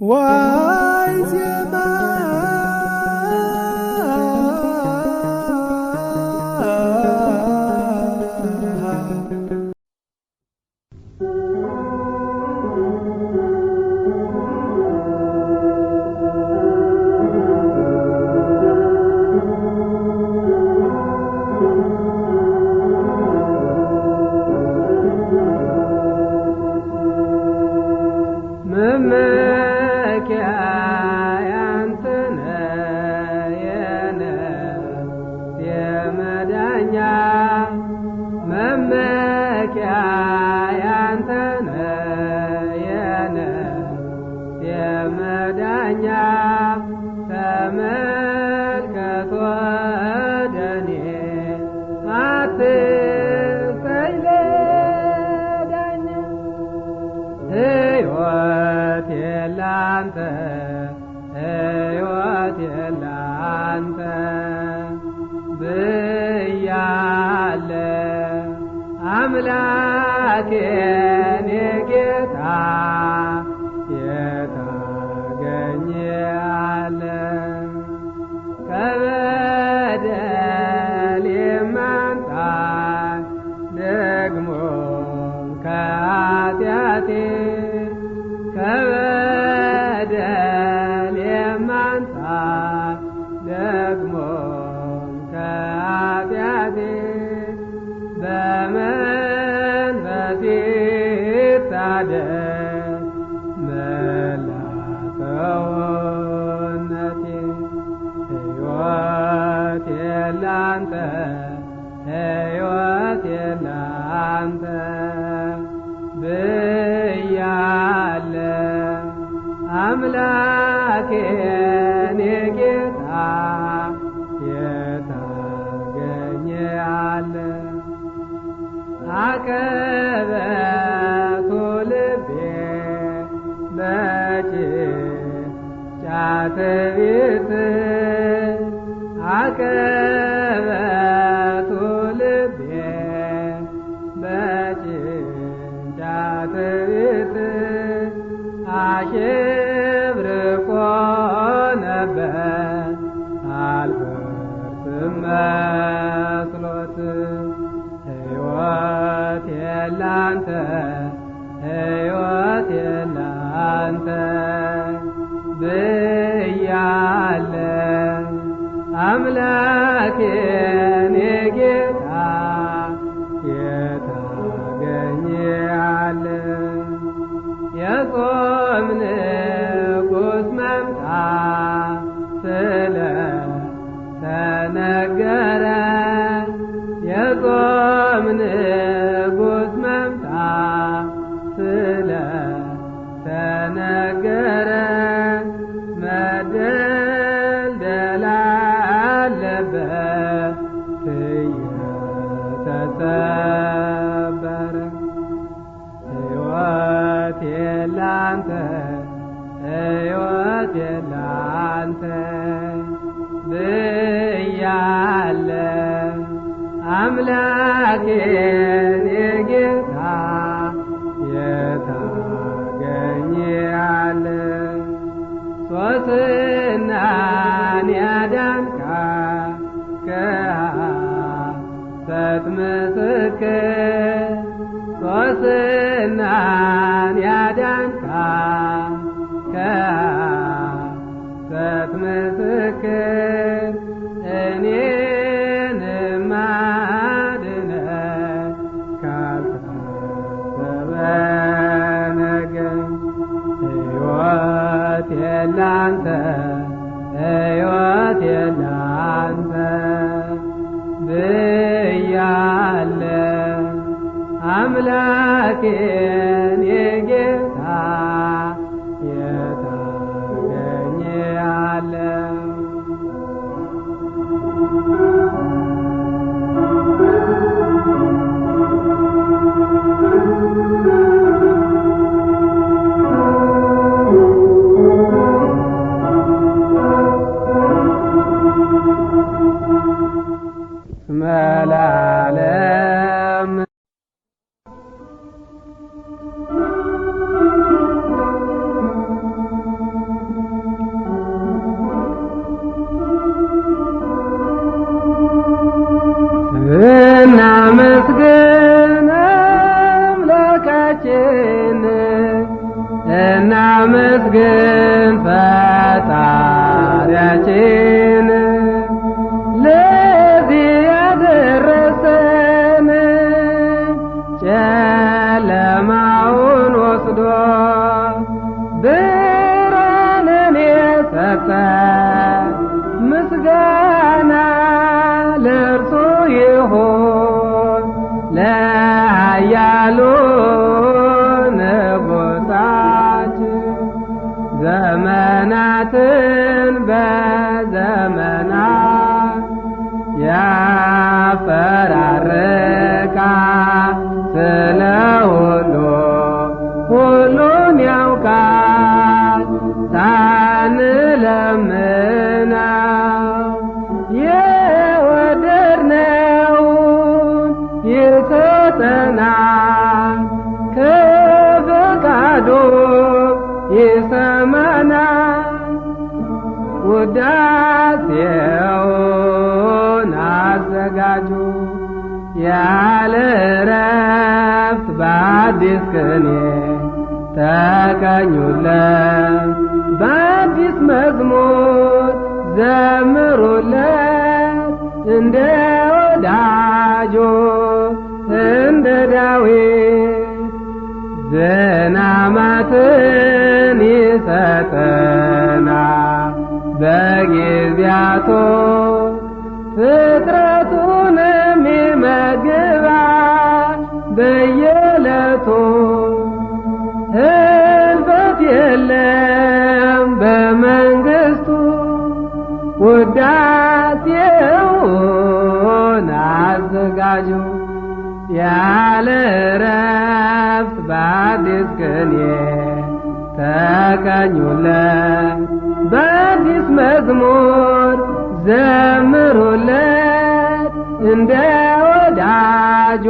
Wow. መዳኛ ተመልከቶ ወደኔ አትሰይ ለዳኛ ሕይወት የላንተ ሕይወት የላንተ ብያለ አምላኬ ጌታ አምላኬን ጌታ የታገኘአለ የጾም ንጉሥ መምጣ ስለ ተነገረ የጾም አምላኬን የጌታ የታገኘያለ ሶስናን ያዳንካ ከሐሰት ምስክር አምላኬን ደረሰ ምስጋና ለእርሱ ይሁን ለኃያሉ ንጉሣችን ዘመናትን ውዳሴውን አዘጋጁ ያለ ረፍት በአዲስ ቅኔ ተቀኙለት በአዲስ መዝሙር ዘምሩለት እንደ ወዳጆ እንደ ዳዊት ዝናማትን ይሰጠናል በጊዜያቱ ፍጥረቱን የሚመግባ በየዕለቱ ህልፈት የለም በመንግስቱ ውዳሴውን አዘጋጁ ያለ ረፍት በአዲስ ቅኔ ተቀኙለት፣ በአዲስ መዝሙር ዘምሩለት፣ እንደ ወዳጆ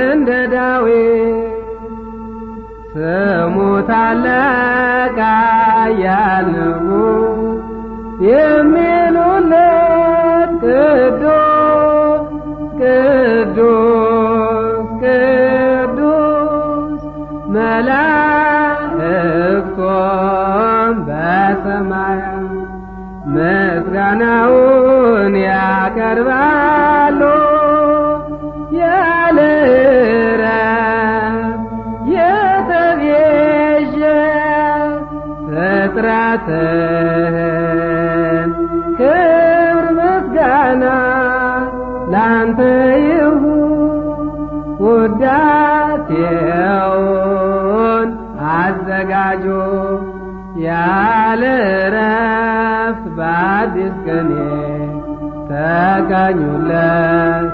እንደ ዳዊት ስሙ ታላቅ ኃያል የሚሉለት ቅዱስ ቅዱስ ሲኮን በሰማይ ምስጋናውን ያቀርባሉ ያለ ረብ የተቤዠ ፍጥረትህ ወዳጆ ያለ በአዲስ ቅኔ ተጋኙለት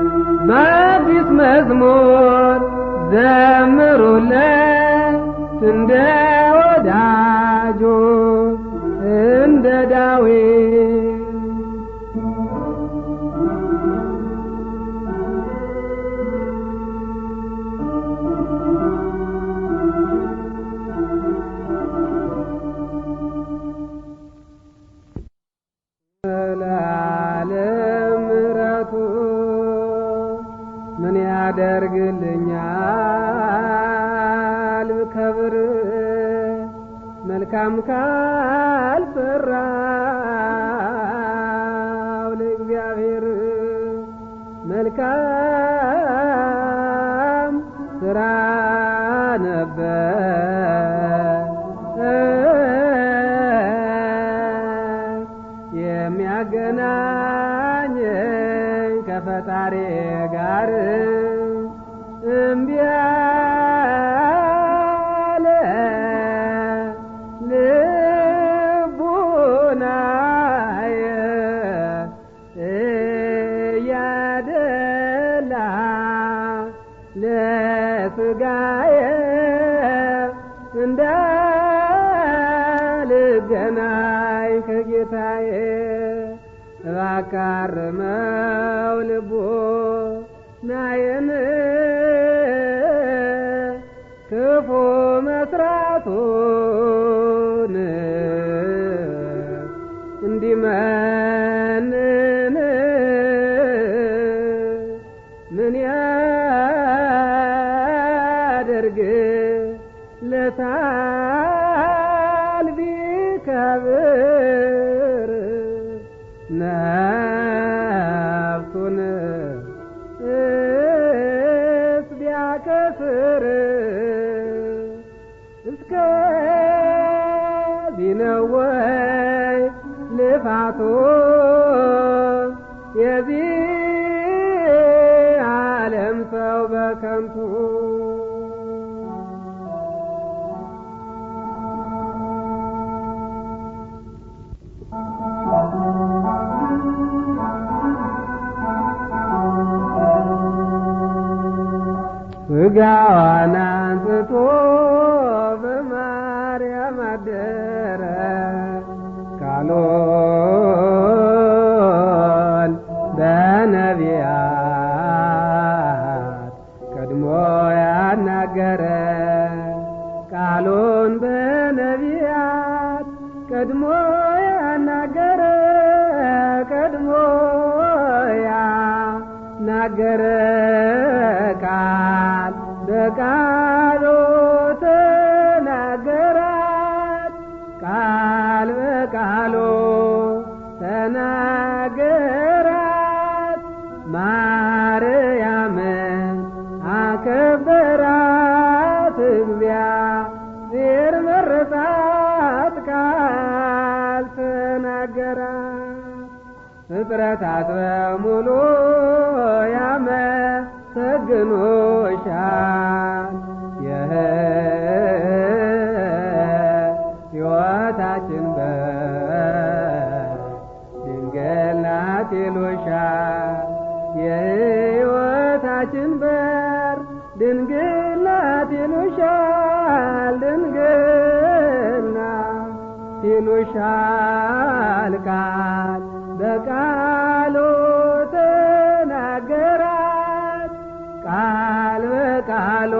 በአዲስ መዝሙር ዘምሩለት እንደ ወዳጆ እንደ ዳዊት ታልቢ ከብር ነፍሱን እስ ቢያከፍር እስከዚህ ነው ልፋቱ የዚህ ስጋዋን አንስቶ በማርያም አደረ ካሎ ቃሉ ተናገራት ቃል በቃሉ ተናገራት ማርያምን አከበራት እግዚአብሔር መረጣት ቃል ተናገራት ፍጥረታት በሙሉ ያመ ሰግኖሻል የሕይወታችን በር ድንግል ናት ይሉሻል የሕይወታችን በር ድንግል ናት ይሉሻል ድንግል ናት ይሉሻል ቃል በቃል ቃሎ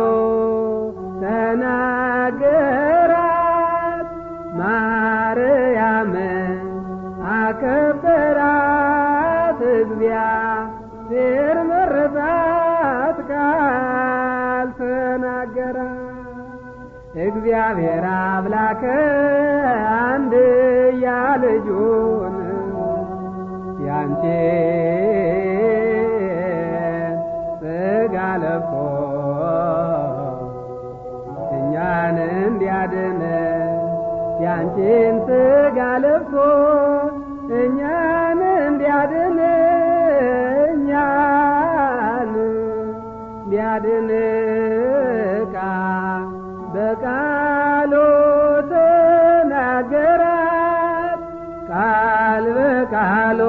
ተናገራት ማርያም አከበራት እግዚአብሔር መረጣት ቃል ተናገራት እግዚአብሔር አብላከ አንድያ ልጁን ያንቴ አድነ ያንቺን ስጋ ለብሶ እኛን እንዲያድን እኛን እንዲያድን ቃ በቃሉ ተናገራት ቃል በቃሉ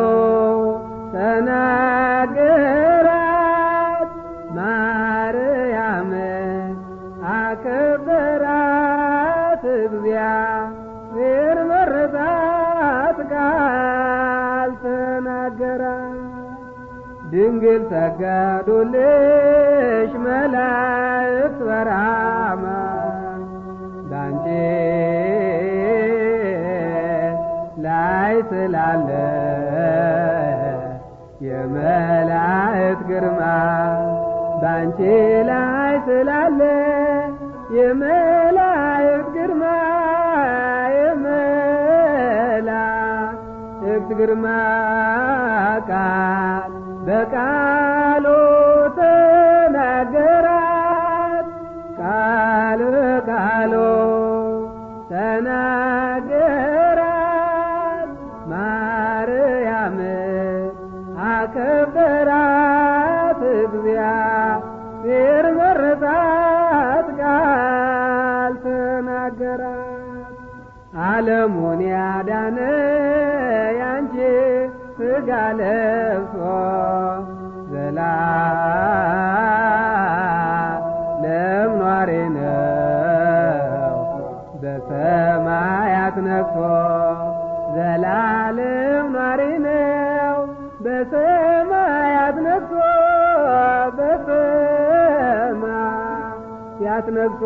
ነፍሶ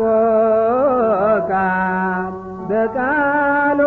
ቃል በቃሉ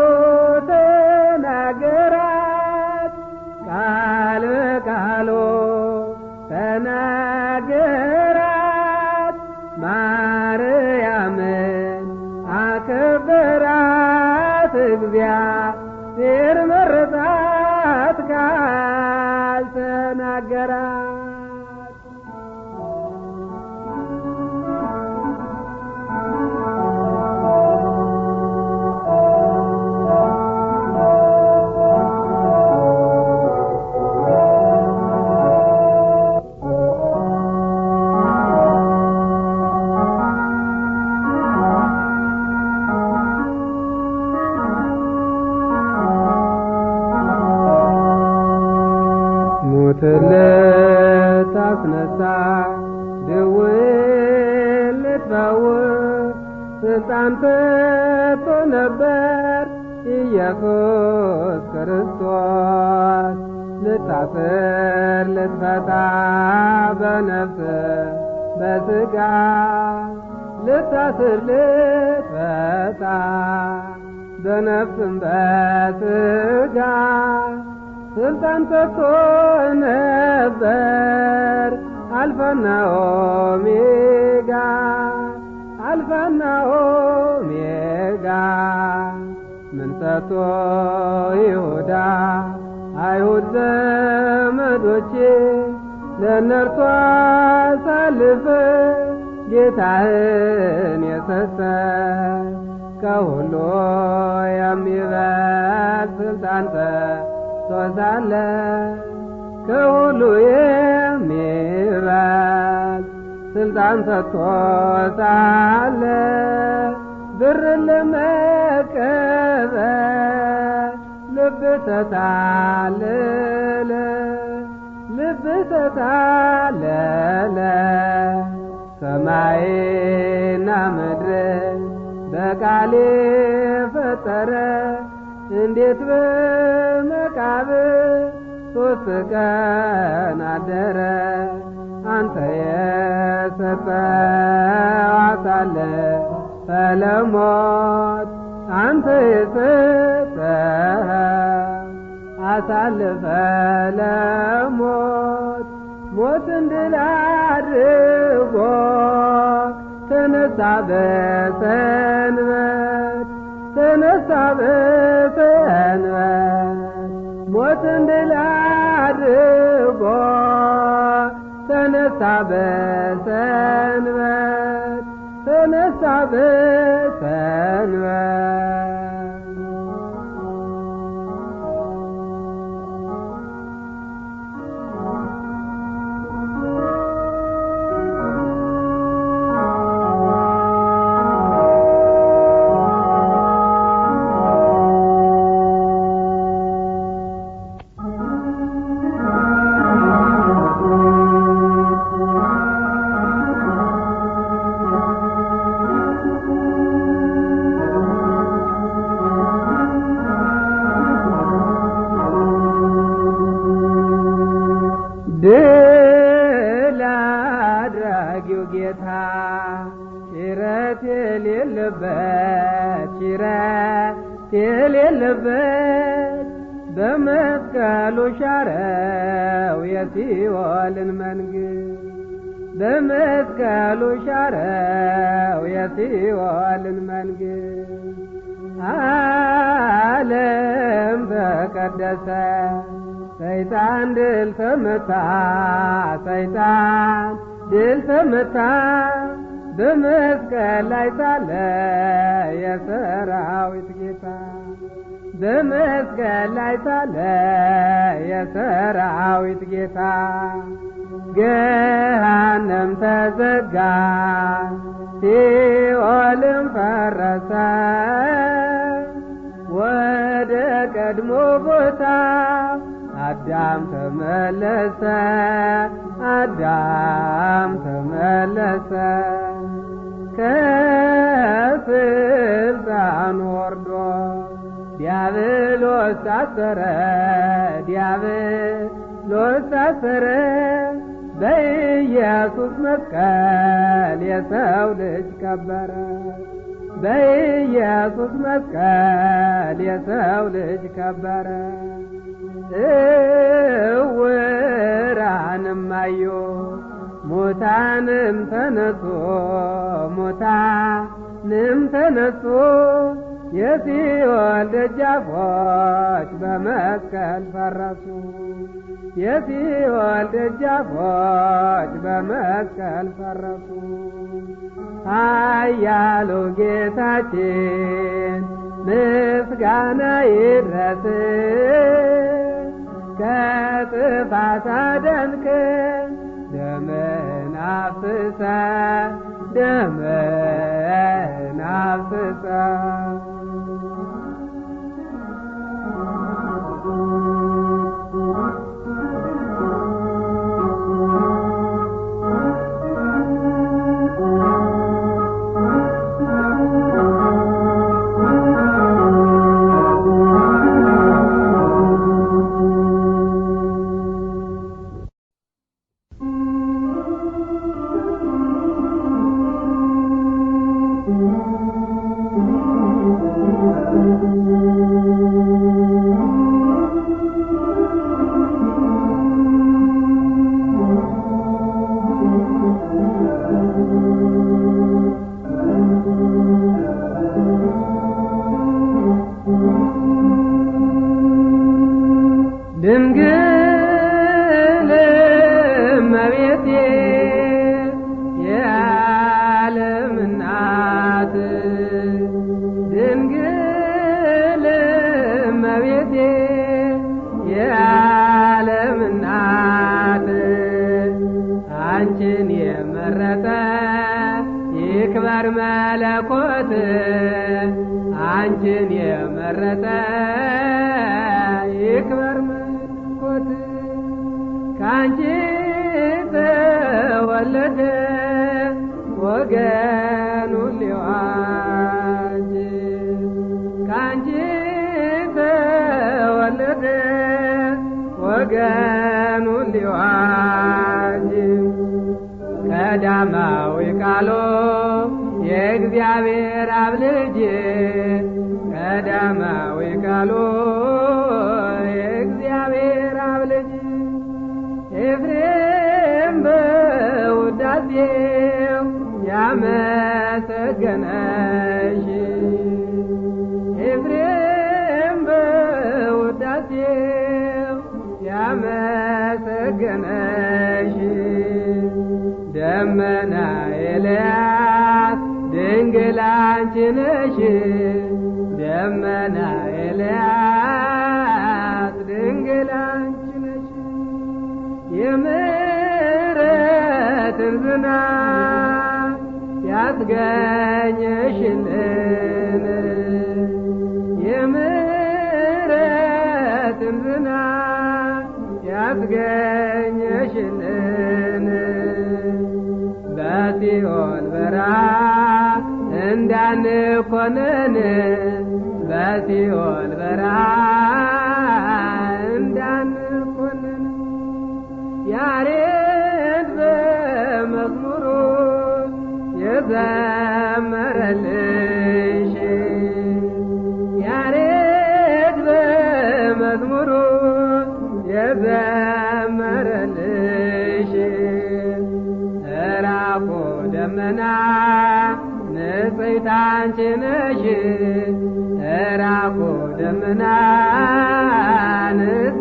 ፈታ ደዌን ልትፈውስ ሕፃን ተጥቶ ነበር ኢየሱስ ክርስቶስ ልታስር ልትፈታ በነፍስ በሥጋ ልታስር ልትፈታ በነፍስም በሥጋ ስልጣን ተጥቶ ነበር አልፋና ኦሜጋ አልፋና ኦሜጋ ምንሰቶ ይሁዳ አይሁድ ዘመዶቼ ለእነርሷ አሳልፈ ጌታህን የሰጠ ከሁሉ የሚበልጥ ስልጣን ሰጥቶታል። ከሁሉ የሚበል ስልጣን ተቶታለ ብር ለመቀበል ልብ ተታለለ ልብ ተታለለ ሰማይና ምድር በቃሌ ፈጠረ እንዴት በመቃ ሶስት ቀን አደረ አንተ የሰጠው አሳለ ለሞት አንተ የሰጠህ አሳልፈ ለሞት ሞትን ድል አድርጎ ተነሳ በሰንበት ተነሳ በሰንበት ሞትን ድል bo sen sabe sen ver sen sabe sen ver በመስቀሉ ሻረው የሲኦልን መንግሥት ዓለም በቀደሰ ሰይጣን ድል ተመታ፣ ሰይጣን ድል ተመታ። በመስቀል ላይ ሳለ የሰራዊት ጌታ በመስቀል ላይ ሳለ የሰራዊት ጌታ ገሃነም ተዘጋ ሲኦልም ፈረሰ ወደ ቀድሞ ቦታ አዳም ተመለሰ አዳም ተመለሰ ከስልጣን ወርዶ ዲያብሎስ ታሰረ ዲያብሎስ ታሰረ በኢየሱስ መስቀል የሰው ልጅ ከበረ። በኢየሱስ መስቀል የሰው ልጅ ከበረ። እውራንም አዩ፣ ሙታንም ተነሱ፣ ሙታንም ተነሱ የሲኦል ደጃፎች በመስቀል ፈረሱ። የሲኦል ደጃፎች በመስቀል ፈረሱ። ኃያሉ ጌታችን ምስጋና ይድረስ ከጥፋት አዳንከን ደምህን አፍስሰ ደምህን አፍስሰ Thank you. አንቺ ተወለደ ወገኑ ሊዋጅ ከአንቺ ተወለደ ወገኑ ሊዋጅ ከዳማዊ ቃሎ የእግዚአብሔር አብ ልጅ ከዳማዊ ቃሎ ረገመሽ ደመና ኤልያስ ድንግል አንቺ ነሽ ደመና ኤልያስ ድንግል አንቺ ነሽ የምሕረትን ያስገኘሽልን እንዳንኮንን በሲኦል በረሃ እንዳንኮንን ያሬድ በመዝሙሩ የዘመረልሽ ያሬድ በመዝሙሩ የዘመረልሽ እራቁ ደመና እፎይታ አንቺ ነሽ ደመናን